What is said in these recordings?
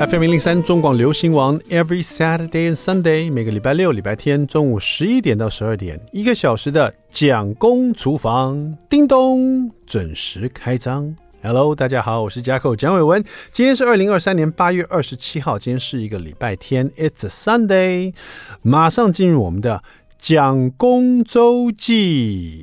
FM 一零三中廣流行網，Every Saturday and Sunday，每個禮拜六、禮拜天中午十一點到十二點，一個小時的蔣公廚房，叮咚準時開張。Hello，大家好，我是 Jack 蔣偉文，今天是二零二三年八月二十七號，今天是一個禮拜天，It's a Sunday，馬上進入我們的蔣公周記。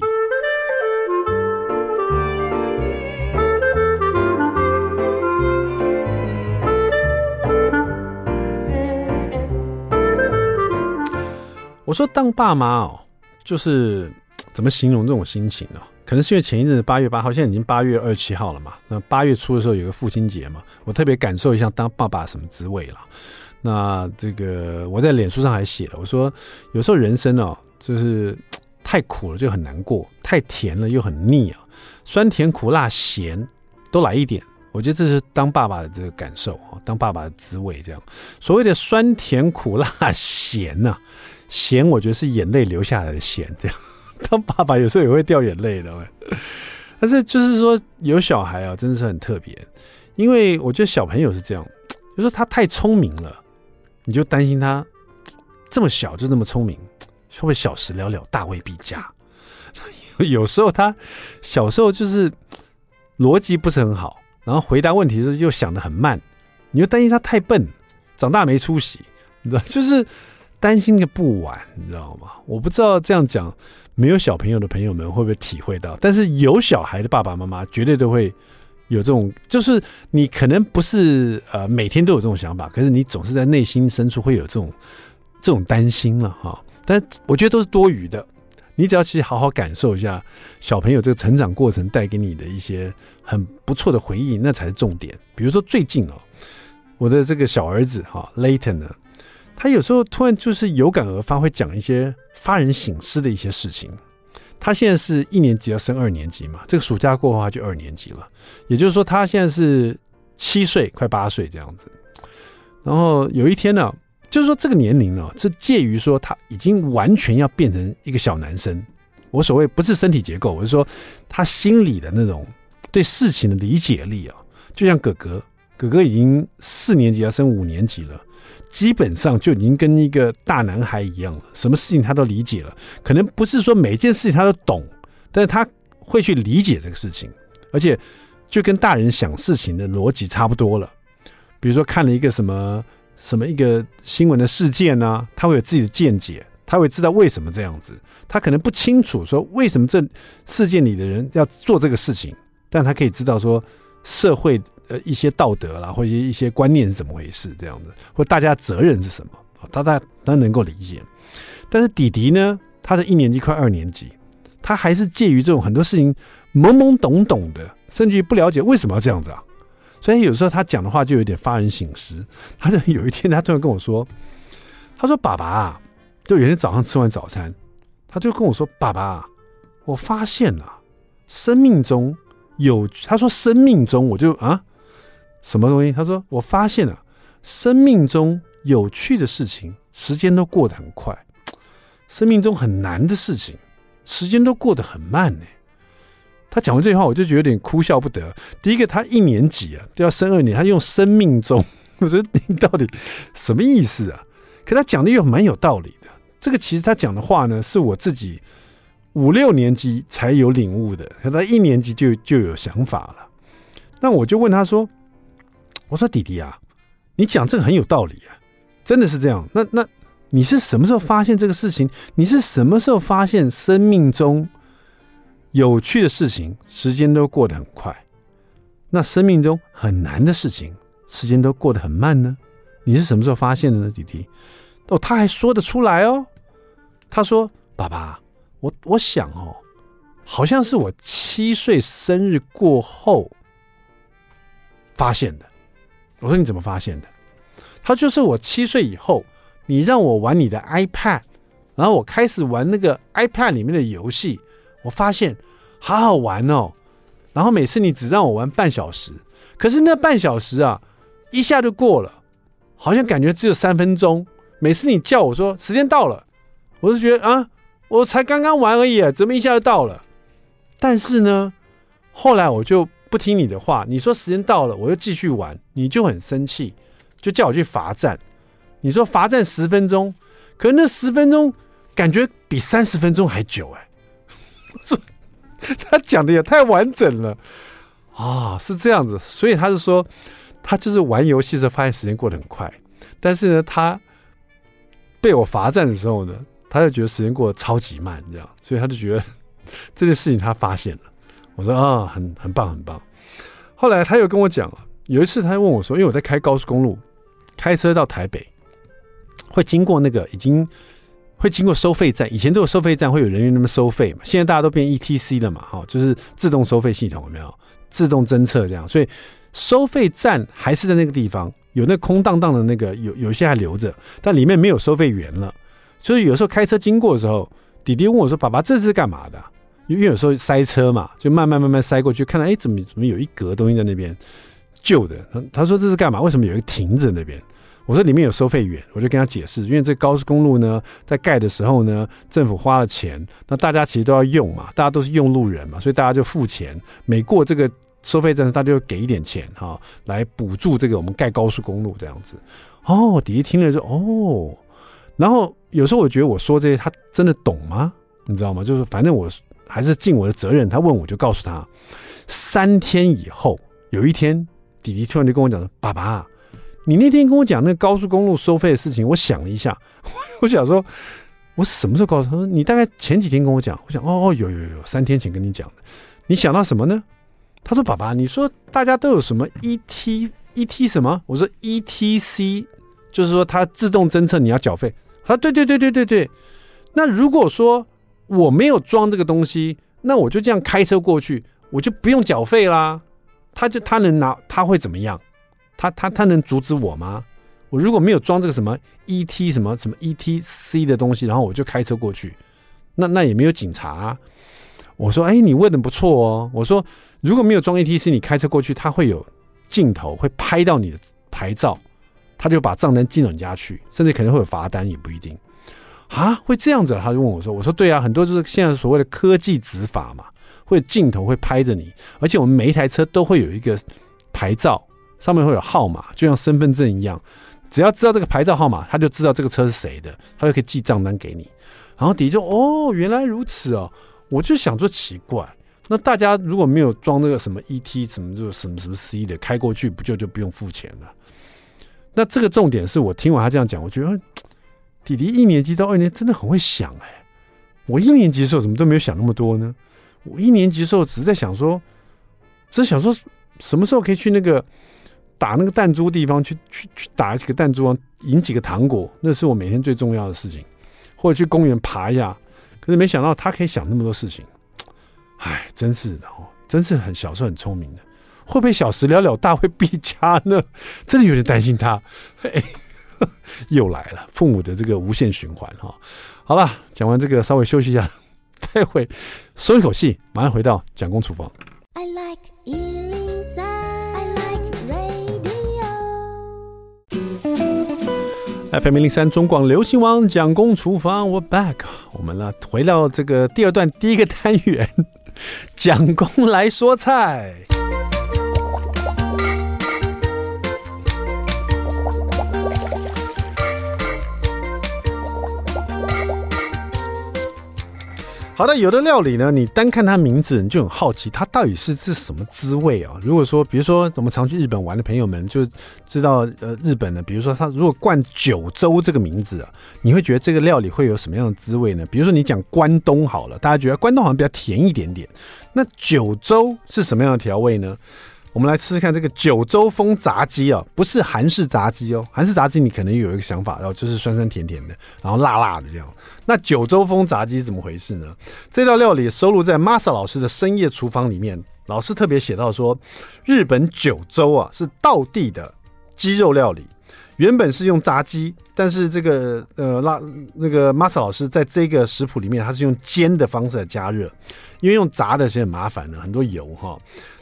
我說當爸媽哦，就是怎麼形容這種心情呢、啊？可能是因為前一陣子八月八號，現在已經八月二十七號了嘛。那八月初的時候有個父親節嘛，我特別感受一下當爸爸什麼滋味了。那這個我在臉書上還寫了，我說有時候人生哦，就是太苦了就很難過，太甜了又很膩啊，酸甜苦辣鹹都來一點，我覺得這是當爸爸的這個感受哈，當爸爸的滋味這樣。所謂的酸甜苦辣鹹吶、啊。鹹，我覺得是眼淚流下來的鹹。這樣，當爸爸有時候也會掉眼淚的。但是就是說，有小孩啊、哦，真的是很特別。因為我覺得小朋友是這樣，就是說他太聰明了，你就擔心他這，這麼小就這麼聰明，會不會小時了了，大未必佳？有時候他小時候就是邏輯不是很好，然後回答問題就是又想得很慢，你就擔心他太笨，長大沒出息，你知道就是。擔心的不晚，你知道嗎？我不知道這樣講，沒有小朋友的朋友們會不會體會到？但是有小孩的爸爸媽媽絕對都會有這種，就是你可能不是呃每天都有這種想法，可是你總是在內心深處會有這種這種擔心了哈、哦。但我覺得都是多餘的，你只要去好好感受一下小朋友這個成長過程帶給你的一些很不錯的回憶，那才是重點。比如說最近哦，我的這個小兒子哈、哦、，Later 呢。他有時候突然就是有感而發，會講一些發人省思的一些事情。他現在是一年級要升二年級嘛，這個暑假過後他就二年級了，也就是說他現在是七歲快八歲這樣子。然後有一天呢、啊，就是說這個年齡呢、啊、是介於說他已經完全要變成一個小男生。我所謂不是身體結構，我是說他心裡的那種對事情的理解力啊，就像哥哥，哥，哥哥已經四年級要升五年級了。基本上就已經跟一個大男孩一樣了，什麼事情他都理解了。可能不是說每件事情他都懂，但是他會去理解這個事情，而且就跟大人想事情的邏輯差不多了。比如說看了一個什麼什麼一個新聞的事件啊，他會有自己的見解，他會知道為什麼這樣子。他可能不清楚說為什麼這事件裡的人要做這個事情，但他可以知道說。社會呃一些道德啦，或者一些觀念是怎麼回事？這樣子，或大家責任是什麼？大家他能夠理解。但是弟弟呢，他是一年級快二年級，他還是介於這種很多事情懵懵懂懂的，甚至於不了解為什麼要這樣子啊。所以有時候他講的話就有點發人省思。他就有一天，他突然跟我說：“他說爸爸，啊，就有一天早上吃完早餐，他就跟我說，爸爸，我發現了、啊、生命中。”有趣，他說生命中我就啊，什麼東西？他說我發現了、啊，生命中有趣的事情，時間都過得很快；生命中很難的事情，時間都過得很慢呢、欸。他講完這句話，我就覺得有點哭笑不得。第一個，他一年級啊，都要升二年，他用“生命中”，我覺得你到底什麼意思啊？可他講的又蠻有道理的。這個其實他講的話呢，是我自己。五六年級才有領悟的，可他一年級就就有想法了。那我就問他說：“我說弟弟啊，你講這個很有道理啊，真的是這樣？那那你是什麼時候發現這個事情？你是什麼時候發現生命中有趣的事情，時間都過得很快？那生命中很難的事情，時間都過得很慢呢？你是什麼時候發現的呢，弟弟？哦，他還說得出來哦。他說，爸爸。”我我想哦，好像是我七歲生日過後發現的。我說，你怎麼發現的？他就是我七歲以後，你讓我玩你的 iPad，然後我開始玩那個 iPad 裡面的遊戲，我發現好好玩哦。然後每次你只讓我玩半小時，可是那半小時啊，一下就過了，好像感覺只有三分鐘。每次你叫我說時間到了，我就覺得啊。我才剛剛玩而已，怎麼一下就到了？但是呢，後來我就不聽你的話，你說時間到了，我就繼續玩，你就很生氣，就叫我去罰站。你說罰站十分鐘，可是那十分鐘感覺比三十分鐘還久哎！ 他講的也太完整了啊、哦，是這樣子，所以他是說他就是玩遊戲的時候發現時間過得很快，但是呢，他被我罰站的時候呢，他就覺得時間過得超級慢，這樣，所以他就覺得這件事情他發現了。我說啊，很很棒，很棒。後來他又跟我講了，有一次他又問我說，因為我在開高速公路，開車到台北，會經過那個已經會經過收費站，以前都有收費站，會有人員那邊收費嘛，現在大家都變 ETC 了嘛，哈，就是自動收費系統，有沒有？自動偵測這樣，所以收費站還是在那個地方，有那個空蕩蕩的那個，有有些還留着，但裡面沒有收費員了。所以有時候開車經過的時候，弟弟問我說：“爸爸，這是幹嘛的啊？”因為有時候塞車嘛，就慢慢慢慢塞過去，看到哎，怎麼怎麼有一格東西在那邊舊的。他說：“這是幹嘛？為什麼有一個亭子在那邊？”我說：“裡面有收費員。”我就跟他解釋，因為這個高速公路呢，在蓋的時候呢，政府花了錢，那大家其實都要用嘛，大家都是用路人嘛，所以大家就付錢，每過這個收費站，大家就給一點錢哈哦，來補助這個我們蓋高速公路這樣子。哦，弟弟聽了說：“哦。”然後有時候我覺得我說這些，他真的懂嗎？你知道嗎？就是反正我還是盡我的責任，他問我就告訴他。三天以後有一天，弟弟突然就跟我講說：“爸爸，你那天跟我講那個高速公路收費的事情，我想了一下，我想說，我什麼時候告訴他說你大概前幾天跟我講？我想哦哦有有有，三天前跟你講的。你想到什麼呢？他說：“爸爸，你說大家都有什麼 ET ET 什麼？”我說：“ETC，就是說它自動偵測你要繳費。”啊，對對對對對對，那如果說我沒有裝這個東西，那我就這樣開車過去，我就不用繳費啦。他就他能拿他會怎麼樣？他他他能阻止我嗎？我如果沒有裝這個什麼 ET 什麼什麼 ETC 的東西，然後我就開車過去，那那也沒有警察啊。我說，哎，你問的不錯哦。我說，如果沒有裝 ETC，你開車過去，他會有鏡頭會拍到你的牌照。他就把賬單寄到你家去，甚至可能會有罰單也不一定，啊，會這樣子、啊？他就問我說：“我說對啊，很多就是現在所謂的科技執法嘛，會有鏡頭會拍着你，而且我們每一台車都會有一個牌照，上面會有號碼，就像身份證一樣，只要知道這個牌照號碼，他就知道這個車是誰的，他就可以寄賬單給你。然後底下就哦，原來如此哦，我就想說奇怪，那大家如果沒有裝那個什麼 ET 什麼就什麼什麼 C 的，開過去不就就不用付錢了？”那這個重點是我聽完他這樣講，我覺得弟弟一年級到二年真的很會想哎、欸。我一年級時候怎麼都沒有想那麼多呢？我一年級時候只是在想說，只是想說什麼時候可以去那個打那個彈珠地方去去去打幾個彈珠啊，贏幾個糖果，那是我每天最重要的事情。或者去公園爬一下，可是沒想到他可以想那麼多事情。哎，真是的哦，真是很，小時候很聰明的。會不會小時了了大會必佳呢？真的有點擔心他，哎呵。又來了，父母的這個無限循環哈。好了，講完這個稍微休息一下，待會鬆一口氣，馬上回到蔣公廚房。FM 一零三中廣流行網蔣公廚房 We're back，我們呢回到這個第二段第一個單元，蔣公來說菜。好的，有的料理呢，你單看它名字，你就很好奇，它到底是是什麼滋味啊？如果說，比如說，我們常去日本玩的朋友們就知道，呃，日本呢，比如說，它如果冠九州這個名字，啊，你會覺得這個料理會有什麼樣的滋味呢？比如說，你講關東好了，大家覺得關東好像比較甜一點點，那九州是什麼樣的調味呢？我們來吃吃看這個九州風炸雞啊，不是韓式炸雞哦。韓式炸雞你可能有一個想法，然後就是酸酸甜甜的，然後辣辣的這樣。那九州風炸雞怎麼回事呢？這道料理收錄在 Masa 老師的深夜廚房裡面，老師特別寫到說，日本九州啊是道地的雞肉料理，原本是用炸雞，但是這個呃辣那個 Masa 老師在這個食譜裡面，他是用煎的方式來加熱，因為用炸的其實很麻煩的，很多油哈。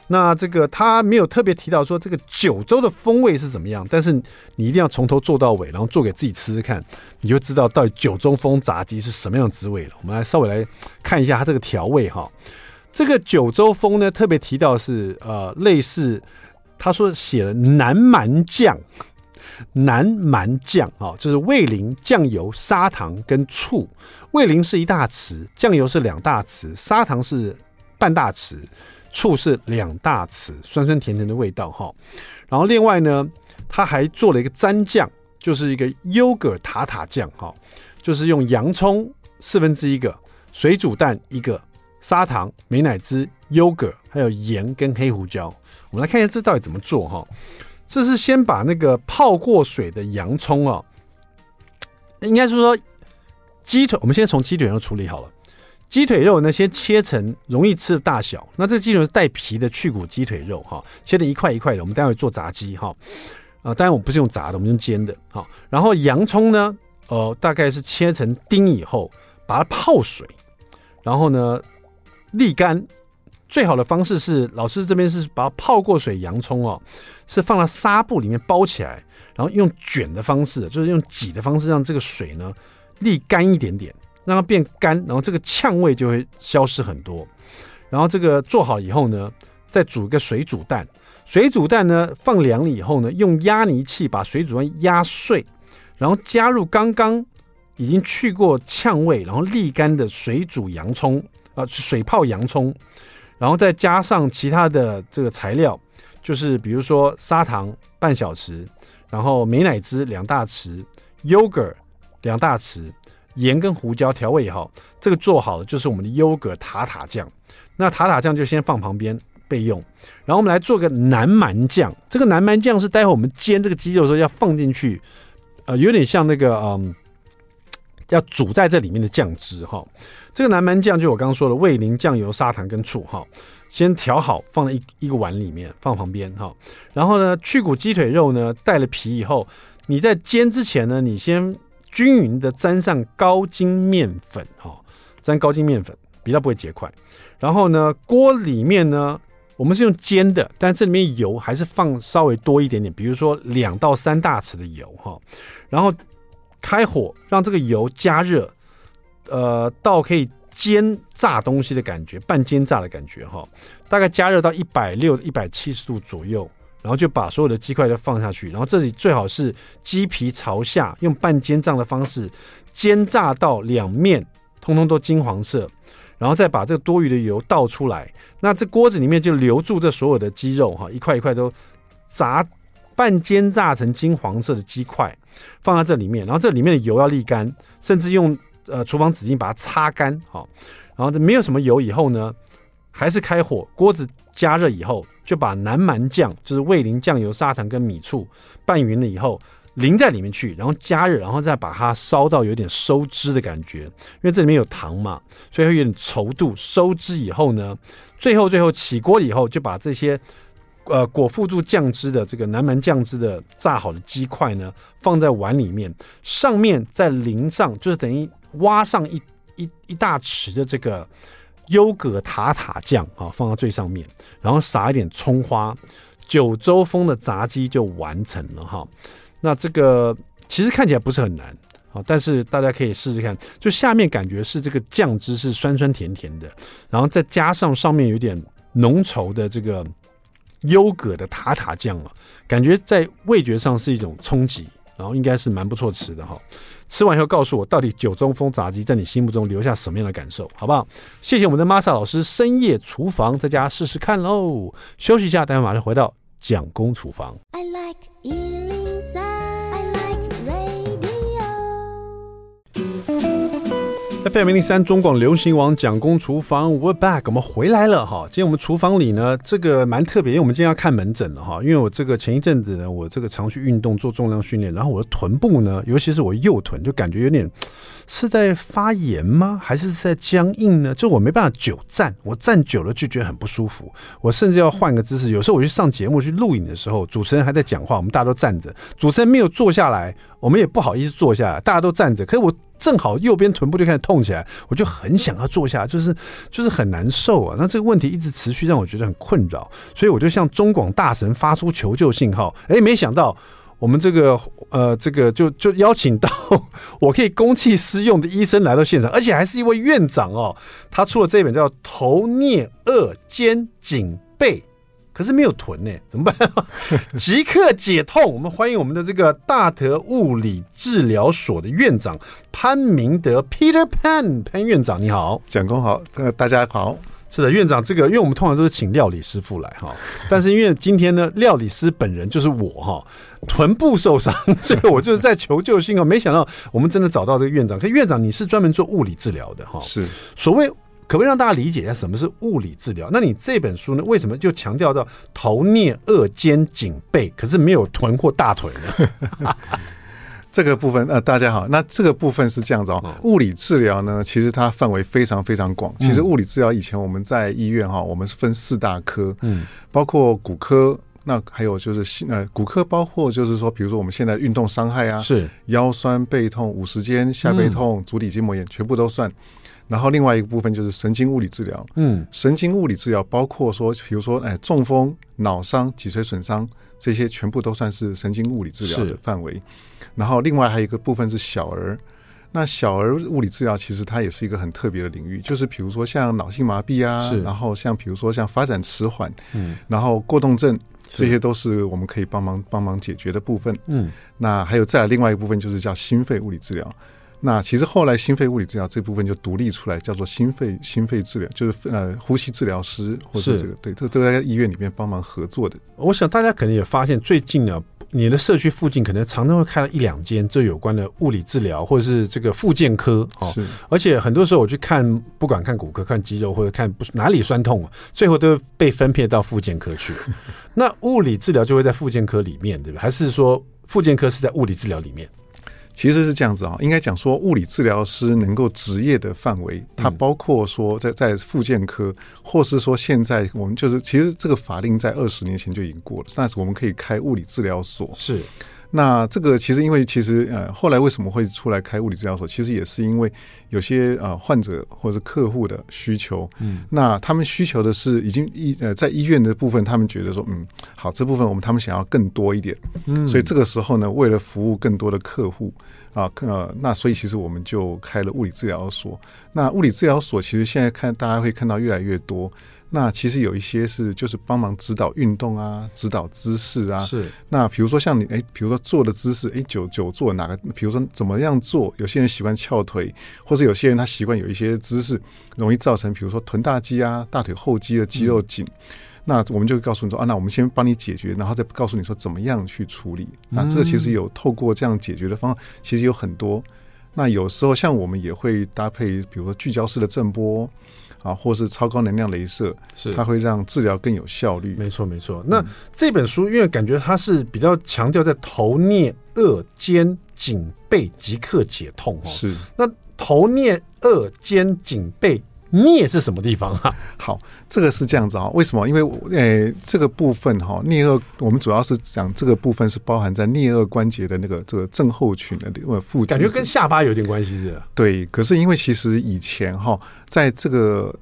那這個他沒有特別提到說這個九州的風味是怎麼樣，但是你一定要從頭做到尾，然後做給自己吃吃看，你就知道到底九州風炸雞是什麼樣的滋味了。我們來稍微來看一下它這個調味哈，這個九州風呢特別提到是呃類似他說寫了南蠻醬，南蠻醬啊、哦、就是味淋、醬油、砂糖跟醋，味淋是一大匙，醬油是兩大匙，砂糖是半大匙。醋是兩大匙，酸酸甜甜的味道哈、哦。然後另外呢，他還做了一個蘸醬，就是一個優格塔塔醬哈、哦，就是用洋蔥四分之一個，水煮蛋一個，砂糖、美乃滋、優格，還有鹽跟黑胡椒。我們來看一下這到底怎麼做哈、哦。這是先把那個泡過水的洋蔥啊、哦，應該是說雞腿，我們先從雞腿上處理好了。雞腿肉呢，先切成容易吃的大小。那這個雞腿是帶皮的去骨雞腿肉哈，切的一塊一塊的。我們待會做炸雞哈，啊、呃，當然我們不是用炸的，我們用煎的哈。然後洋蔥呢，呃，大概是切成丁以後，把它泡水，然後呢瀝乾。最好的方式是，老師這邊是把它泡過水洋蔥哦，是放到紗布裡面包起來，然後用捲的方式，就是用擠的方式讓這個水呢瀝乾一點點。讓它變乾，然後這個嗆味就會消失很多。然後這個做好以後呢，再煮一個水煮蛋。水煮蛋呢放涼了以後呢，用壓泥器把水煮蛋壓碎，然後加入剛剛已經去過嗆味，然後瀝乾的水煮洋蔥啊、呃，水泡洋蔥，然後再加上其他的這個材料，就是比如說砂糖半小匙，然後美乃滋兩大匙，yogurt 兩大匙。鹽跟胡椒調味以後，這個做好了就是我們的優格塔塔醬。那塔塔醬就先放旁邊備用。然後我們來做個南蠻醬，這個南蠻醬是待會我們煎這個雞肉的時候要放進去，呃，有點像那個嗯，要煮在這裡面的醬汁哈、哦。這個南蠻醬就我剛剛說的味淋、醬油、砂糖跟醋哈、哦，先調好放在一一個碗裡面，放旁邊哈、哦。然後呢，去骨雞腿肉呢帶了皮以後，你在煎之前呢，你先。均勻的沾上高筋麵粉，哈，沾高筋麵粉，比較不會結塊。然後呢，鍋裡面呢，我們是用煎的，但這裡面油還是放稍微多一點點，比如說兩到三大匙的油，哈。然後開火，讓這個油加熱，呃，到可以煎炸東西的感覺，半煎炸的感覺，哈。大概加熱到一百六、一百七十度左右。然後就把所有的雞塊都放下去，然後這裡最好是雞皮朝下，用半煎炸的方式煎炸到兩面通通都金黃色，然後再把這個多餘的油倒出來，那這鍋子裡面就留住這所有的雞肉哈，一塊一塊都炸半煎炸成金黃色的雞塊放在這裡面，然後這裡面的油要瀝乾，甚至用呃廚房紙巾把它擦乾好，然後這沒有什麼油以後呢。還是開火，鍋子加熱以後，就把南蠻醬，就是味淋、醬油、砂糖跟米醋拌勻了以後，淋在裡面去，然後加熱，然後再把它燒到有點收汁的感覺，因為這裡面有糖嘛，所以會有點稠度。收汁以後呢，最後最後起鍋了以後，就把這些呃裹附住醬汁的這個南蠻醬汁的炸好的雞塊呢，放在碗裡面，上面再淋上，就是等於挖上一一一大匙的這個。優格塔塔醬啊，放到最上面，然後撒一點蔥花，九州風的炸雞就完成了哈。那這個其實看起來不是很難啊，但是大家可以試試看。就下面感覺是這個醬汁是酸酸甜甜的，然後再加上上面有點濃稠的這個優格的塔塔醬啊，感覺在味覺上是一種衝擊，然後應該是蠻不錯吃的哈。吃完以後告訴我，到底九中風炸雞在你心目中留下什麼樣的感受，好不好？謝謝我們的 MASA 老師，深夜廚房在家試試看嘍。休息一下，大家馬上回到蔣公廚房。FM 零零三中廣流行網蔣公廚房，We're back，我們回來了哈。今天我們廚房裡呢，這個蠻特別，因為我們今天要看門診了哈。因為我這個前一陣子呢，我這個常去運動做重量訓練，然後我的臀部呢，尤其是我右臀，就感覺有點是在發炎嗎？還是在僵硬呢？就我沒辦法久站，我站久了就覺得很不舒服，我甚至要換個姿勢。有時候我去上節目去錄影的時候，主持人還在講話，我們大家都站着，主持人沒有坐下來，我們也不好意思坐下來，大家都站着，可是我正好右邊臀部就開始痛起來，我就很想要坐下，就是就是很難受啊。那這個問題一直持續，讓我覺得很困擾，所以我就向中廣大神發出求救信號。哎、欸，沒想到我們這個呃這個就就邀請到 我可以公器私用的醫生來到現場，而且還是一位院長哦。他出了這一本叫《頭、顳、顎、肩、頸、背》。可是沒有臀呢、欸，怎麼辦、啊？即刻解痛！我們歡迎我們的這個大德物理治療所的院長潘明德，Peter Pan，潘院長，你好，蔣公好，呃，大家好。是的，院長，這個因為我們通常都是請料理師傅來哈，但是因為今天呢，料理師本人就是我哈，臀部受傷，所以我就是在求救信號。沒想到我們真的找到這個院長。可是院長，你是專門做物理治療的哈？是，所謂。可不可以讓大家理解一下什麼是物理治療？那你這本書呢？為什麼就強調到頭、顳、顎、肩、頸、背，可是沒有臀或大腿呢？ 這個部分、呃、大家好，那這個部分是這樣子哦。物理治療呢，其實它範圍非常非常廣。其實物理治療以前我們在醫院哈，我們是分四大科，嗯，包括骨科，那還有就是呃骨科包括就是說，比如說我們現在運動傷害啊，是腰酸背痛、五十肩、下背痛、嗯、足底筋膜炎，全部都算。然後另外一個部分就是神經物理治療，嗯，神經物理治療包括說，比如說，哎，中風、腦傷、脊髓損傷這些全部都算是神經物理治療的範圍。然後另外還有一個部分是小兒，那小兒物理治療其實它也是一個很特別的領域，就是比如說像腦性麻痹啊，然後像比如說像發展遲緩，嗯，然後過動症，這些都是我們可以幫忙幫忙解決的部分。嗯，那還有再來另外一個部分就是叫心肺物理治療。那其實後來心肺物理治療這部分就獨立出來，叫做心肺心肺治療，就是呃呼吸治療師或者是這個對，這個都在醫院裡面幫忙合作的。是 我想大家可能也發現，最近呢，你的社區附近可能常常會看到一兩間這有關的物理治療，或者是這個復健科哦。是，而且很多時候我去看，不管看骨科、看肌肉或者看不哪裡酸痛，啊，最後都被分配到復健科去。 那物理治療就會在復健科裡面，對吧？還是說復健科是在物理治療裡面？其實是這樣子啊，應該講說物理治療師能夠執業的範圍，它包括說在在復健科，或是說現在我們就是其實這個法令在二十年前就已經過了，但是我們可以開物理治療所是。那這個其實因為其實呃後來為什麼會出來開物理治療所？其實也是因為有些呃患者，或者是客戶的需求，嗯，那他們需求的是已經醫呃在醫院的部分，他們覺得說，嗯，好這部分我們他們想要更多一點，嗯，所以這個時候呢，為了服務更多的客戶啊，呃那所以其實我們就開了物理治療所。那物理治療所其實現在看大家會看到越來越多。那其實有一些是就是幫忙指導運動啊，指導姿勢啊。是。那比如說像你誒，比如說坐的姿勢誒，久久坐哪個？比如說怎麼樣做？有些人喜歡翹腿，或者有些人他習慣有一些姿勢，容易造成比如說臀大肌啊、大腿後肌的肌肉緊。嗯、那我們就告訴你說啊，那我們先幫你解決，然後再告訴你說怎麼樣去處理。嗯、那這個其實有透過這樣解決的方法，其實有很多。那有時候像我們也會搭配，比如說聚焦式的震波。啊，或是超高能量雷射，是，它會讓治療更有效率。沒錯沒錯，那這本書因為感覺它是比較強調在頭、顳、顎、肩、頸、背即刻解痛。是。那頭、顳、顎、肩、頸、背，顳是什麼地方啊？好。這個是這樣子啊？為什麼？因為誒、哎，這個部分哈、哦，顳頜我們主要是講這個部分是包含在顳頜關節的那個這個症候群的附感覺跟下巴有點關係是吧？對。可是因為其實以前哈、哦，在這個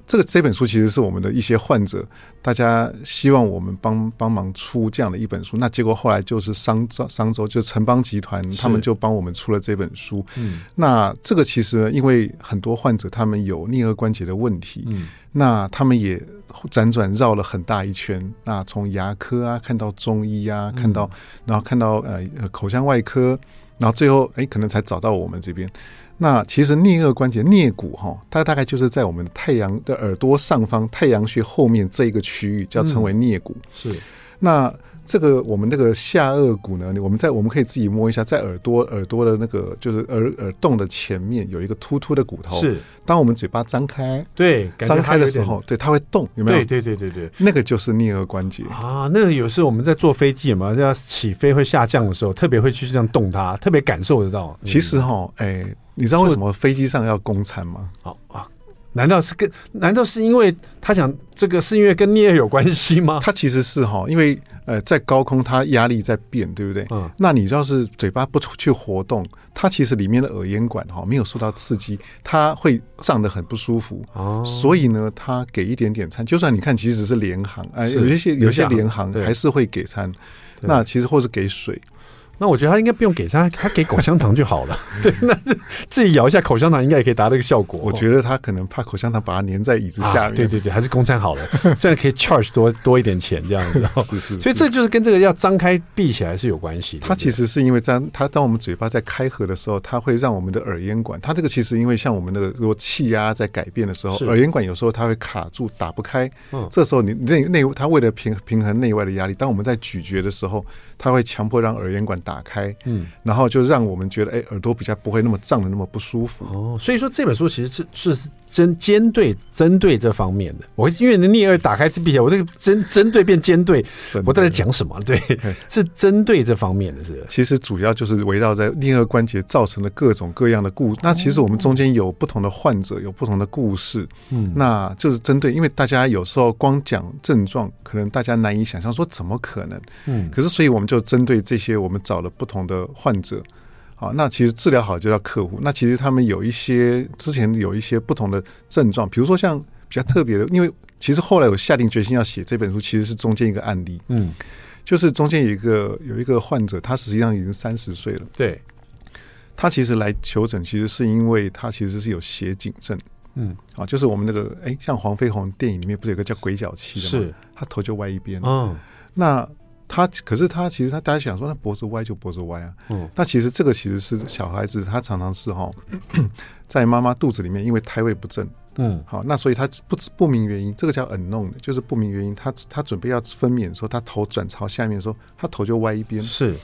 這個這本書其實是我們的一些患者，大家希望我們幫幫忙出這樣的一本書。那結果後來就是商周商周，就城邦集團他們就幫我們出了這本書。嗯。那這個其實呢，因為很多患者他們有顳頜關節的問題，嗯。那他們也。輾轉繞了很大一圈，那從牙科啊看到中醫啊，看到，然後看到呃口腔外科，然後最後哎可能才找到我們這邊。那其實顳頜關節顳骨哈、哦，它大概就是在我們的太陽的耳朵上方太陽穴後面這一個區域，叫稱為顳骨。嗯、是那。這個我們那個下顎骨呢？我們在我們可以自己摸一下，在耳朵耳朵的那個就是耳耳洞的前面有一個突突的骨頭。是，當我們嘴巴張開，對，張開的時候，對，它會動，有沒有？對對對對對，那個就是顳頜關節啊。那個有時候我們在坐飛機嘛，要起飛會下降的時候，特別會去這樣動它，特別感受得到。嗯，其實哈，哎，你知道為什麼飛機上要供餐嗎啊？啊，難道是跟難道是因為他講這個是因為跟顳頜有關係嗎？它其實是哈，因為。呃，在高空，它壓力在變，對不對？嗯。那你要是嘴巴不出去活動，它其實裡面的耳咽管哈沒有受到刺激，它會脹得很不舒服。哦。所以呢，它給一點點餐，就算你看其實是廉航，哎，有一些有些廉航還是會給餐，對。那其實或是給水。那我覺得他應該不用給他，他給口香糖就好了。 嗯、 對，那這自己咬一下口香糖，應該也可以達到一個效果。我覺得他可能怕口香糖把它粘在椅子下面。啊、對對對，還是公餐好了， 這樣可以 charge 多多一點錢，這樣子。 是是，是。所以這就是跟這個要張開閉起來是有關係。它其實是因為張，它當我們嘴巴在開合的時候，它會讓我們的耳咽管，它這個其實因為像我們的個如果氣壓在改變的時候，耳咽管有時候它會卡住打不開。嗯。這時候你內內它為了平衡平衡內外的壓力，當我們在咀嚼的時候，它會強迫讓耳咽管打。打開，嗯，然後就讓我們覺得，哎，耳朵比較不會那麼脹的那麼不舒服哦。所以說這本書其實是是,是針尖對針對這方面的。我因為顳顎打開並且我這個針針對變尖對， 的我到底講什麼？對，是針對這方面的。是，其實主要就是圍繞在顳顎關節造成的各種各樣的故。哦、那其實我們中間有不同的患者，有不同的故事。嗯，那就是針對，因為大家有時候光講症狀，可能大家難以想象，說怎麼可能？嗯，可是所以我們就針對這些，我們找。不同的患者，啊，好，那其實治療好就叫客戶。那其實他們有一些之前有一些不同的症狀，比如說像比較特別的，因為其實後來我下定決心要寫這本書，其實是中間一個案例。嗯，就是中間有一個有一個患者，他實際上已經三十歲了。對，嗯，他其實來求診，其實是因為他其實是有斜頸症。嗯，啊，就是我們那個誒、欸，像黃飛鴻電影裡面不是有個叫鬼腳七的嘛，是 他頭就歪一邊了。嗯，那。他可是他其實他大家想說他脖子歪就脖子歪啊，嗯、那其實這個其實是小孩子他常常是哈， 在媽媽肚子裡面因為胎位不正，嗯，好，那所以他不不明原因，這個叫 unknown，就是不明原因，他他準備要分娩的時候，他頭轉朝下面的時候，他頭就歪一邊。是，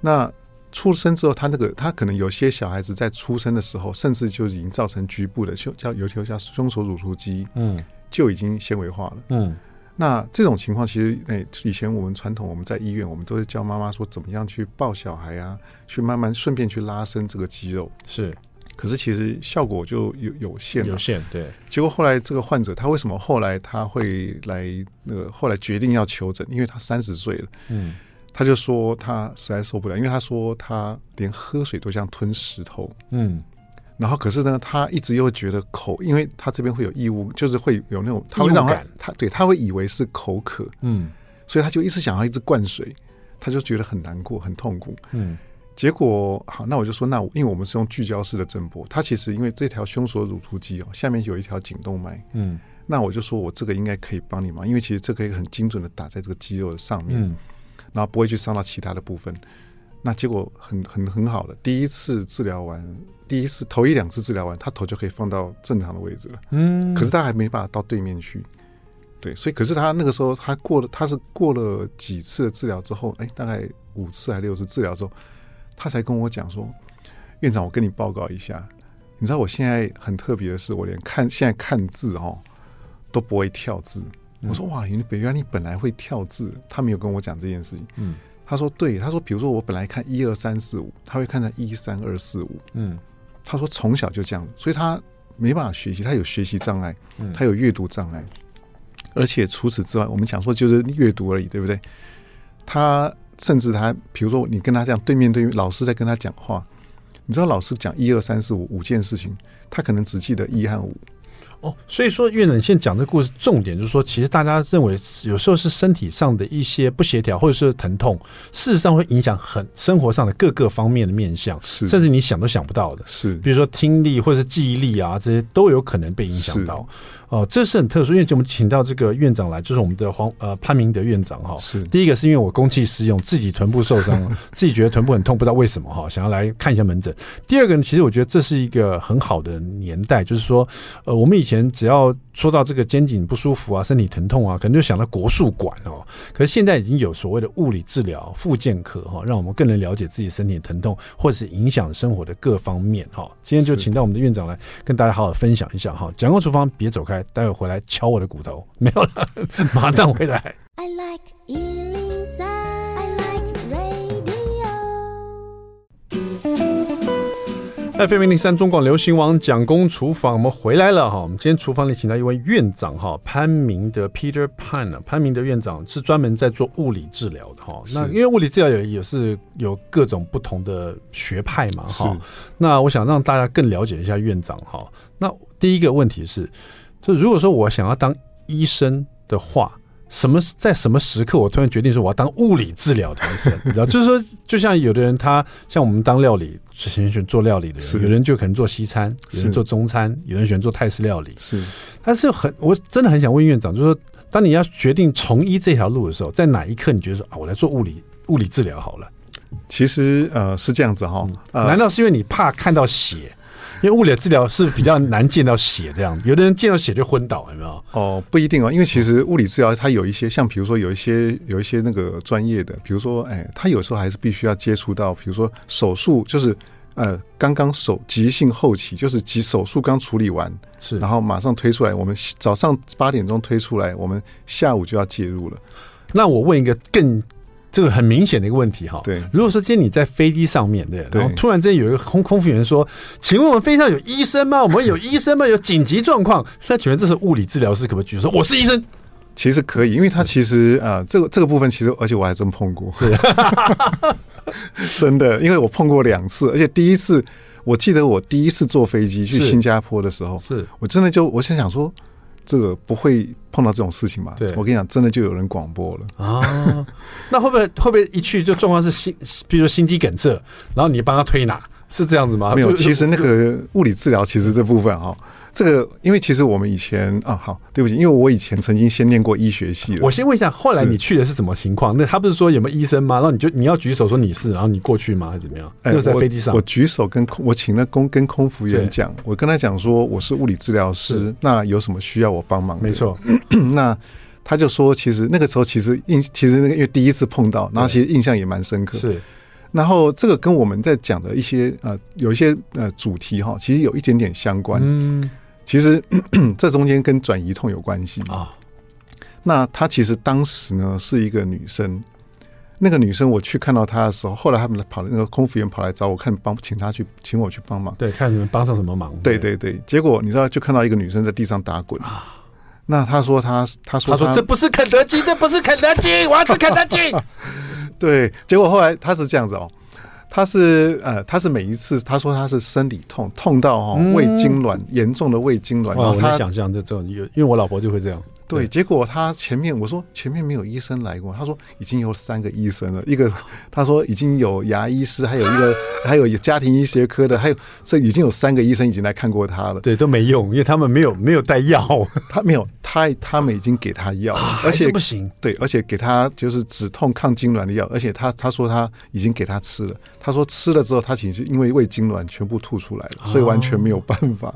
那出生之後，他那個他可能有些小孩子在出生的時候，甚至就已經造成局部的胸叫，有條叫胸鎖乳突肌，嗯，就已經纖維化了，嗯。嗯那這種情況其實，哎，以前我們傳統，我們在醫院，我們都是教媽媽說怎麼樣去抱小孩啊，去慢慢順便去拉伸這個肌肉。是，可是其實效果就有有限。有限，對。結果後來這個患者，他為什麼後來他會來那個？後來決定要求診，因為他三十歲了。嗯。他就說他實在受不了，因為他說他連喝水都像吞石頭。嗯。然後，可是呢，他一直又覺得口，因為他這邊會有異物，就是會有那種他，會讓他異物感。他對他會以為是口渴，嗯，所以他就一直想要一直灌水，他就覺得很難過、很痛苦，嗯。結果好，那我就說，那因為我們是用聚焦式的震波，他其實因為這條胸鎖乳突肌哦，下面有一條頸動脈，嗯，那我就說我這個應該可以幫你忙，因為其實這個可以很精準的打在這個肌肉的上面，嗯，然後不會去傷到其他的部分。那結果很很很好了，第一次治療完，第一次頭一兩次治療完，他頭就可以放到正常的位置了。嗯，可是他還沒辦法到對面去。對，所以可是他那個時候他過了，他是過了幾次治療之後，哎，大概五次還是六次治療之後，他才跟我講說：“院長，我跟你報告一下，你知道我現在很特別的是，我連看現在看字哦都不會跳字。”我說：“哇，原來你本來會跳字。”他沒有跟我講這件事情。嗯。他說：“對，他說，比如說我本來看一二三四五，他會看成一三二四五。嗯，他說從小就這樣，所以他沒辦法學習，他有學習障礙，嗯、他有閱讀障礙，而且除此之外，我們講說就是閱讀而已，對不對？他甚至他，比如說你跟他這樣，對面對老師在跟他講話，你知道老師講一二三四五五件事情，他可能只記得一和五。”哦，所以說院長現在講這個故事，重點就是說，其實大家認為有時候是身體上的一些不協調或者是疼痛，事實上會影響很生活上的各個方面的面向，甚至你想都想不到的，是比如說聽力或者是記憶力啊，這些都有可能被影響到。哦，這是很特殊，因為就我們請到這個院長來，就是我們的黃呃潘明德院長哈。哦、是。第一個是因為我公器私用，自己臀部受傷， 自己覺得臀部很痛，不知道為什麼哈、哦，想要來看一下門診。第二個呢，其實我覺得這是一個很好的年代，就是說，呃，我們以前只要說到這個肩頸不舒服啊，身體疼痛啊，可能就想到國術館哦。可是現在已經有所謂的物理治療、復健科哈、哦，讓我們更能了解自己身體疼痛或者是影響生活的各方面哈、哦。今天就請到我們的院長來的跟大家好好分享一下哈、哦。蔣公廚房，別走開。待會回來敲我的骨頭，沒有了，馬上回來。哎 ，FM103 中廣流行網蔣公廚房，我們回來了哈。我們今天廚房裡請到一位院長哈，潘明德 Peter Pan 呢，潘明德院長是專門在做物理治療的哈。是那因為物理治療也也是有各種不同的學派嘛哈。是那我想讓大家更了解一下院長哈。那第一個問題是。就如果說我想要當醫生的話，什麼，在什麼時刻我突然決定說我要當物理治療的醫生 知道，就是說，就像有的人他像我們當料理，前選，選做料理的人，是有人就可能做西餐，有人做中餐，有人喜歡做泰式料理。是，但是很，我真的很想問院長，就是說，當你要決定從醫這條路的時候，在哪一刻你覺得說啊，我來做物理物理治療好了？其實呃是這樣子哈、哦，嗯呃、難道是因為你怕看到血？因為物理治療是比較難見到血這樣， 有的人見到血就昏倒，有沒有？哦，不一定哦，因為其實物理治療它有一些，像比如說有一些有一些那個專業的，比如說，哎，他有時候還是必須要接觸到，比如說手術，就是呃，剛剛手急性後期，就是及手術剛處理完，是，然後馬上推出來，我們早上八點鐘推出來，我們下午就要介入了。那我問一個更。這個很明顯的一個問題哈、哦。對，如果說今天你在飛機上面，對，對，然後突然之間有一個空空服員說：“對請問我們飛機上有醫生嗎？我們有醫生嗎？有緊急狀況，那請問這是物理治療師可不可以舉手？我是醫生。”其實可以，因為他其實啊、呃，這個這個部分其實，而且我還真碰過，是， 真的，因為我碰過兩次，而且第一次我記得我第一次坐飛機去新加坡的時候，是，是我真的就我想想說。這個不會碰到這種事情吧？對，我跟你講，真的就有人廣播了啊！ 那會不會會不會一去就狀況是心，比如說心肌梗塞，然後你幫他推拿是這樣子嗎？沒有，其實那個物理治療其實這部分啊、哦。這個，因為其實我們以前啊，好，對不起，因為我以前曾經先念過醫學系。我先問一下，後來你去的是什麼情況？是那他不是說有沒有醫生嗎？然後你就你要舉手說你是，然後你過去嗎，還是怎麼樣？就、欸、是在飛機上我，我舉手跟空，我請了工跟，跟空服員講，是我跟他講說我是物理治療師，是那有什麼需要我幫忙？沒錯錯， 那他就說，其實那個時候其實印，其實那個因為第一次碰到，然後其實印象也蠻深刻。是對，然後這個跟我們在講的一些呃有一些呃主題哈，其實有一點點相關。嗯。其實這中間跟轉移痛有關係啊，那她其實當時呢是一個女生，那個女生我去看到她的時候，後來他們跑那個空服員跑來找我看，幫請她去請我去幫忙，對，看你們幫上什麼忙？對對對，結果你知道就看到一個女生在地上打滾，那她說她她說她說這不是肯德基，這不是肯德基，我要吃肯德基， 對，結果後來她是這樣子哦。他是呃，他是每一次，他說他是生理痛，痛到哈、哦、胃痙攣，嗯、嚴重的胃痙攣。哇然後他，我想象這種，因為我老婆就會這樣。對，結果他前面我說前面沒有醫生來過，他說已經有三個醫生了，一個他說已經有牙醫師，還有一個還有家庭醫學科的，還有這已經有三個醫生已經來看過他了。對，都沒用，因為他們沒有沒有帶藥，他沒有他他們已經給他藥， 而且不行。對，而且給他就是止痛抗痙攣的藥，而且他他說他已經給他吃了，他說吃了之後他其實因為胃痙攣全部吐出來了，所以完全沒有辦法。哦。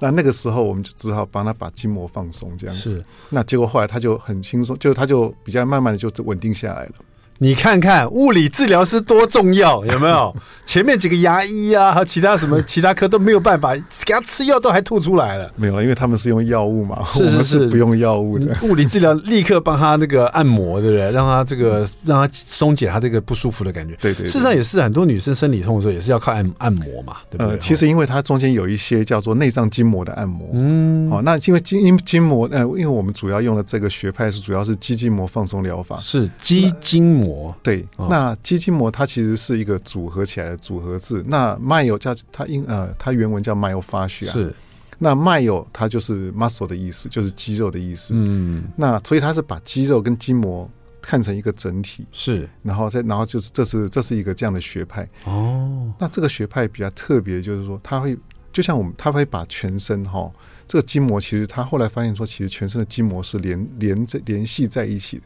那那個時候，我們就只好幫他把筋膜放鬆，這樣子。是 那結果後來他就很輕鬆，就他就比較慢慢的就穩定下來了。你看看物理治療師多重要，有沒有？ 前面幾個牙醫啊，和其他什麼其他科都沒有辦法給他吃藥，都還吐出來了。沒有，因為他們是用藥物嘛，是是是，我們是不用藥物的。物理治療立刻幫他那個按摩，對不對？讓他這個、嗯、讓他鬆解他這個不舒服的感覺。對，對對。事實上也是很多女生生理痛的時候也是要靠按按摩嘛，對不對？嗯、其實因為它中間有一些叫做內臟筋膜的按摩。嗯。哦，那因為筋因筋膜，呃，因為我們主要用的這個學派是主要是肌筋膜放鬆療法，是肌筋膜。膜對，那肌筋膜它其實是一個組合起來的組合字。那 m 有叫它英呃，它原文叫 m y o f a s i 是。那 m 有它就是 muscle 的意思，就是肌肉的意思。嗯，那所以它是把肌肉跟筋膜看成一個整體，是。然後再，然後就是這是這是一個這樣的學派哦。那這個學派比較特別，就是說他會，就像我們他會把全身哈、哦，這個筋膜其實他後來發現說，其實全身的筋膜是連連在聯繫在一起的。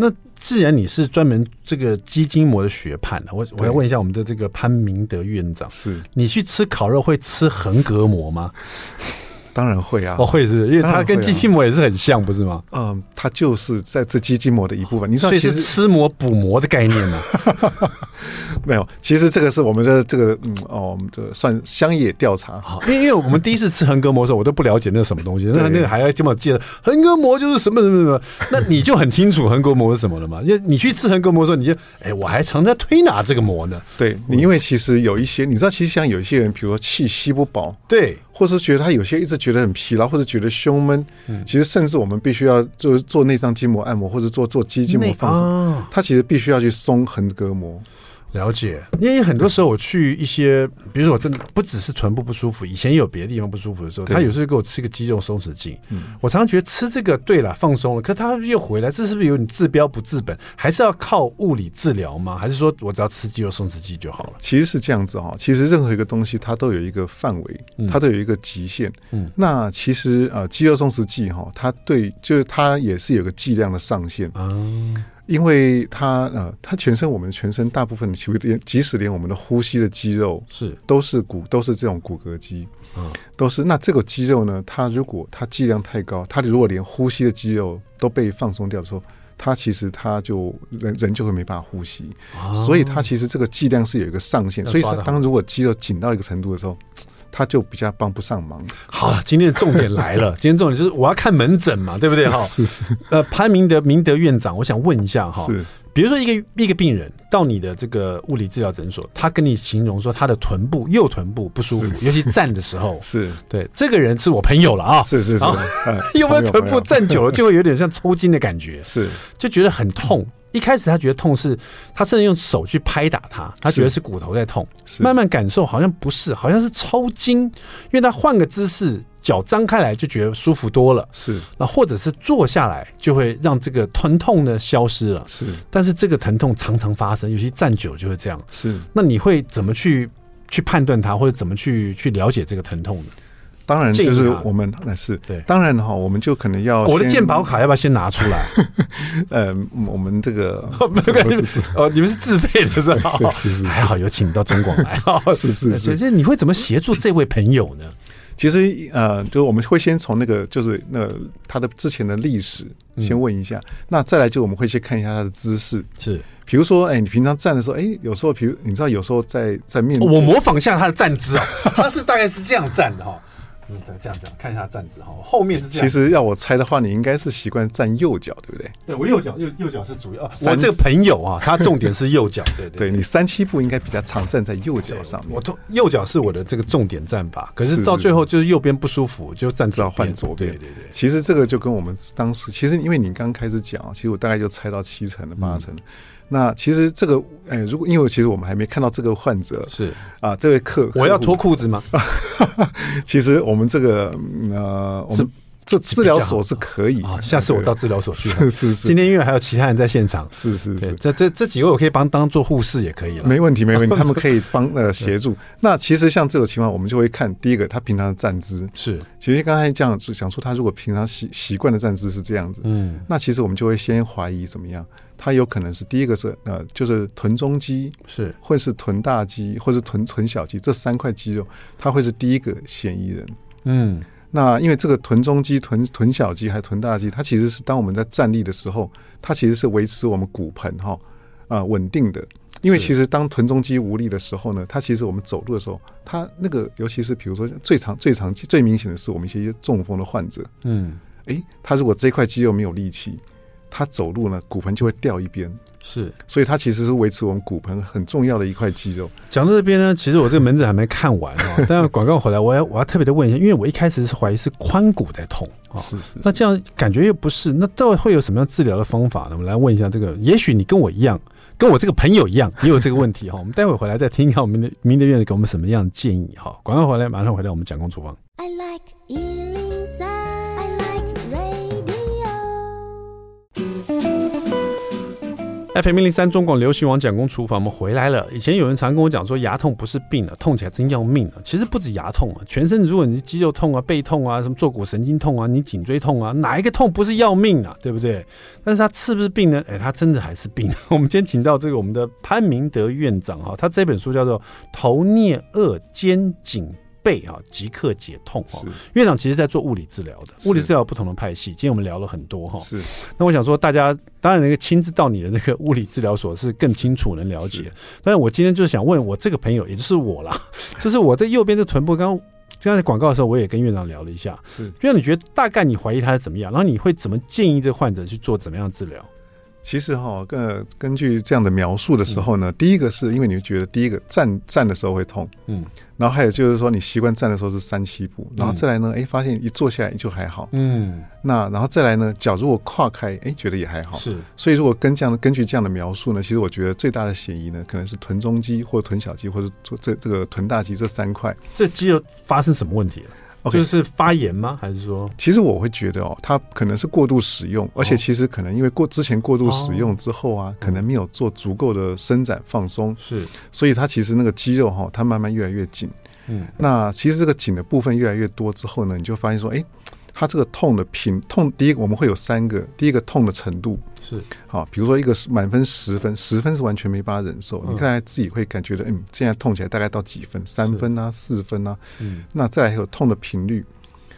那既然你是專門這個肌筋膜的學派，我我要問一下我們的這個潘明德院長，是對你去吃烤肉會吃橫膈膜嗎？ 當然會啊，我會是因為它跟肌筋膜也是很像，不是嗎？嗯，它就是在這肌筋膜的一部分。你說是吃膜補膜的概念呢？沒有，其實這個是我們的這個嗯哦，我們這個算鄉野調查哈。因為因為我們第一次吃橫膈膜的時候，我都不了解那是什麼東西，那那個還要這麼介紹橫膈膜就是什麼什麼什麼。那你就很清楚橫膈膜是什麼了嘛？就你去吃橫膈膜的時候，你就哎，我還常在推拿這個膜呢。對你，因為其實有一些你知道，其實像有一些人，比如說氣吸不飽，對。或是覺得他有些一直覺得很疲勞，或者覺得胸悶，嗯、其實甚至我們必須要就做做內臟筋膜按摩，或者做做肌筋膜放鬆，哦、他其實必須要去鬆橫膈膜。了解，因為很多時候我去一些，嗯、比如說我真的不只是臀部不舒服，以前也有別的地方不舒服的時候，對他有時候給我吃個肌肉鬆弛劑，嗯、我常常覺得吃這個對了，放鬆了，可是他又回來，這是不是有點治標不治本？還是要靠物理治療嗎？還是說我只要吃肌肉鬆弛劑就好了？其實是這樣子哈，其實任何一個東西它都有一個範圍，它都有一個極限嗯。嗯，那其實啊、呃，肌肉鬆弛劑哈，它對就是它也是有個劑量的上限啊。嗯因為它它、呃、全身我們全身大部分的肌肉，連即使連我們的呼吸的肌肉是都是骨都是這種骨骼肌啊，都是。那這個肌肉呢，它如果它劑量太高，它如果連呼吸的肌肉都被放鬆掉的時候，它其實它就人人就會沒辦法呼吸，所以它其實這個劑量是有一個上限。所以說當如果肌肉緊到一個程度的時候，他就比較幫不上忙。好，今天的重點來了， 今天重點就是我要看門診嘛，對不對？哈，是是。呃，潘明德，明德院長，我想問一下哈，是。比如說一個一個病人到你的這個物理治療診所，他跟你形容說他的臀部右臀部不舒服，是尤其站的時候，是，是對這個人是我朋友了啊，是是是，因為後、嗯、 臀部站久了就會有點像抽筋的感覺，是就覺得很痛。一開始他覺得痛是，他甚至用手去拍打他，他覺得是骨頭在痛。是慢慢感受好像不是，好像是抽筋，因為他換個姿勢，腳張開來就覺得舒服多了。是，那或者是坐下來就會讓這個疼痛呢消失了。是，但是這個疼痛常常發生，尤其站久就會這樣。是，那你會怎麼去去判斷它，或者怎麼去去了解這個疼痛呢？當然，就是我們那是對，當然的話，我們就可能要我的健保卡要不要先拿出來？ 呃、我們這個沒關係哦，你們是自費的是不是？ 是，是，是還好有請到中廣來啊，是是是。你會怎麼協助這位朋友呢？其實呃，就是我們會先從那個，就是那他的之前的歷史先問一下，嗯、那再來就我們會去看一下他的姿勢，是，比如說哎，你平常站的時候，哎，有時候，比如你知道有時候在在面，哦、我模仿一下他的站姿啊、哦，他是大概是這樣站的哈、哦。 嗯，這樣講，看一下站姿哈，後面是這樣。其實要我猜的話，你應該是習慣站右腳，對不對？對，我右腳右右腳是主要。啊、三我這個朋友啊， 他重點是右腳，對對、對、對、對。你三七步應該比較常站在右腳上面。我都右腳是我的這個重點站法，可是到最後就是右邊不舒服，就站姿要換左邊。的對、對對對。其實這個就跟我們當時，其實因為你剛開始講，其實我大概就猜到七成的八成。嗯那其實這個、欸，如果因為其實我們還沒看到這個患者，是啊，這位客，客我要脫褲子嗎？ 其實我們這個呃，我們這治療所是可以，是啊，下次我到治療所去，是是是，今天因為還有其他人在現場。是是是，這這這幾位我可以幫當做護士也可以了，沒問題沒問題，他們可以幫呃協助。 對 那其實像這種情況，我們就會看第一個，他平常的站姿是。其實剛才講講說他如果平常習習慣的站姿是這樣子，嗯，那其實我們就會先懷疑怎麼樣。它有可能是第一個是呃，就是臀中肌，是，會是臀大肌或者臀臀小肌，這三塊肌肉，它會是第一個嫌疑人。嗯，那因為這個臀中肌、臀臀小肌還臀大肌，它其實是當我們在站立的時候，它其實是維持我們骨盆哈啊、呃、穩定的。因為其實當臀中肌無力的時候呢，它其實我們走路的時候，它那個尤其是比如說最常最常見最明顯的是我們一些中風的患者，嗯，誒，他如果這塊肌肉沒有力氣。他走路呢，骨盆就會掉一邊，是，所以它其實是維持我們骨盆很重要的一塊肌肉。講到這邊呢，其實我這個門診還沒看完哦。 但廣告回來我，我要我要特別的問一下，因為我一開始是懷疑是髖骨在痛啊，哦、是，是是，那這樣感覺又不是，那到底會有什麼樣治療的方法呢？我們來問一下這個，也許你跟我一樣，跟我這個朋友一樣，也有這個問題哈。 我們待會回來再聽一下，我們明的明德醫師給我們什麼樣的建議哈？廣、哦、告回來馬上回到我們蔣公廚房。I like 在《FM103》中廣流行網蔣公廚房，我們回來了。以前有人常跟我講說，牙痛不是病啊，痛起來真要命啊。其實不止牙痛啊、全身如果你是肌肉痛啊、背痛啊、什麼坐骨神經痛啊、你頸椎痛啊，哪一個痛不是要命啊？對不對？但是他是不是病呢？誒、欸、他真的還是病。 我們今天請到這個我們的潘明德院長啊，他這本書叫做《頭、顳、顎、肩、頸》。背啊，即刻解痛哦。是院長其實在做物理治療的，物理治療不同的派系。是今天我們聊了很多哈，是。那我想說，大家當然能夠親自到你的那個物理治療所是更清楚能了解，是但是我今天就想問我這個朋友，也就是我啦，是就是我在右邊的臀部，剛剛在廣告的時候我也跟院長聊了一下，是。院長你覺得大概你懷疑他是怎麼樣？然後你會怎麼建議這患者去做怎麼樣治療？其實哈，根根據這樣的描述的時候呢，嗯、第一個是因為你會覺得第一個站站的時候會痛，嗯，然後還有就是說你習慣站的時候是三七步，嗯、然後再來呢，哎、欸，發現一坐下來就還好，嗯，那然後再來呢，腳如果跨開，哎、欸，覺得也還好，是。所以如果跟這樣的根據這樣的描述呢，其實我覺得最大的嫌疑呢，可能是臀中肌或臀小肌，或者這這個臀大肌這三塊，這肌肉發生什麼問題了？Okay，就是發炎嗎？還是說，其實我會覺得哦，它可能是過度使用，哦、而且其實可能因為過之前過度使用之後啊，哦、可能沒有做足夠的伸展放鬆，是、哦，所以它其實那個肌肉哈、哦，它慢慢越來越緊。嗯，那其實這個緊的部分越來越多之後呢，你就發現說，哎、欸。他這個痛的頻痛，第一個我們會有三個，第一個痛的程度是好，比如說一個滿分十分，十分是完全沒辦法忍受。你看來自己會感覺到嗯，現在痛起來大概到幾分？三分啊，四分啊，嗯，那再來還有痛的頻率，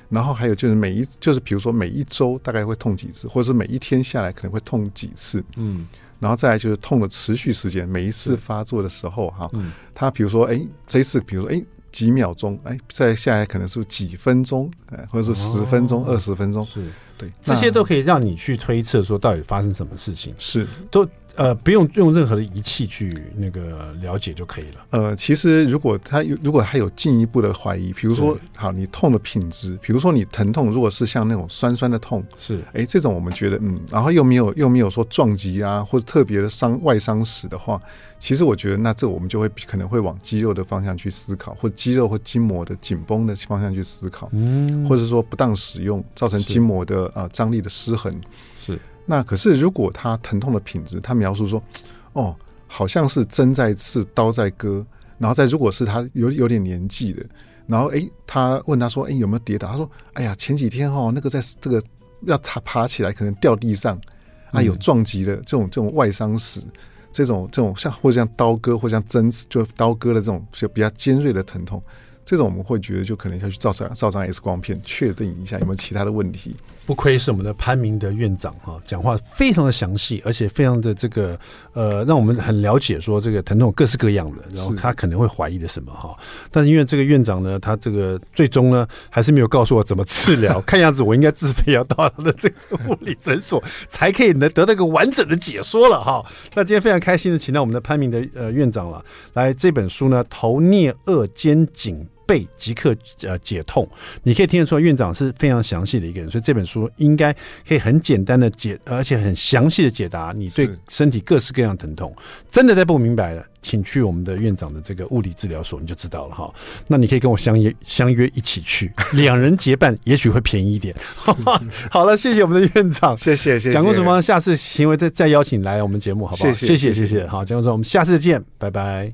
然後還有就是每一就是比如說每一週大概會痛幾次，或者是每一天下來可能會痛幾次，嗯，然後再來就是痛的持續時間，每一次發作的時候哈，他比如說哎，這一次比如說哎。幾秒鐘，哎，再下來可能是幾分鐘，哎、呃，或者是十分鐘、哦、二十分鐘，是對，這些都可以讓你去推測說到底發生什麼事情，是都。呃，不用用任何的儀器去那個了解就可以了。呃，其實如果他如果他有進一步的懷疑，比如說，好，你痛的品質，比如說你疼痛如果是像那種酸酸的痛，是，哎，這種我們覺得，嗯，然後又沒有又沒有說撞擊啊，或者特別的傷外傷史的話，其實我覺得那這我們就會可能會往肌肉的方向去思考，或肌肉或筋膜的緊繃的方向去思考，嗯，或者說不當使用造成筋膜的呃，張力的失衡。那可是，如果他疼痛的品質，他描述說，哦，好像是針在刺、刀在割，然後再如果是他有有點年紀的，然後誒，他問他說，哎，有沒有跌倒？他說，哎呀，前幾天哦，那個在這個要他爬起來可能掉地上，啊，有撞擊的這種這種外傷史，這種這種像或者像刀割或者像針刺就刀割的這種就比較尖銳的疼痛，這種我們會覺得就可能要去照張照張 X 光片，確定一下有沒有其他的問題。不愧是我們的潘明德院長哈，講話非常的詳細，而且非常的這個呃，讓我們很了解說這個疼痛各式各樣的，然後他可能會懷疑的什麼哈。是但是因為這個院長呢，他這個最終呢還是沒有告訴我怎麼治療， 看樣子我應該自費要到他的這個物理診所才可以能得到一個完整的解說了哈。那今天非常開心的請到我們的潘明德呃院長了，來這本書呢頭顳顎肩頸。背即刻呃解痛，你可以聽得出來，院長是非常詳細的一個人，所以這本書應該可以很簡單的解，而且很詳細的解答你對身體各式各樣疼痛。是真的再不明白的，請去我們的院長的這個物理治療所，你就知道了哈。那你可以跟我相約相約一起去，兩人結伴也許會便宜一點。 好了，謝謝我們的院長，謝謝，謝蔣公廚房，下次行為再再邀請來我們節目，好不好？謝謝，謝謝，謝謝。好，蔣公廚房，我們下次見，拜拜。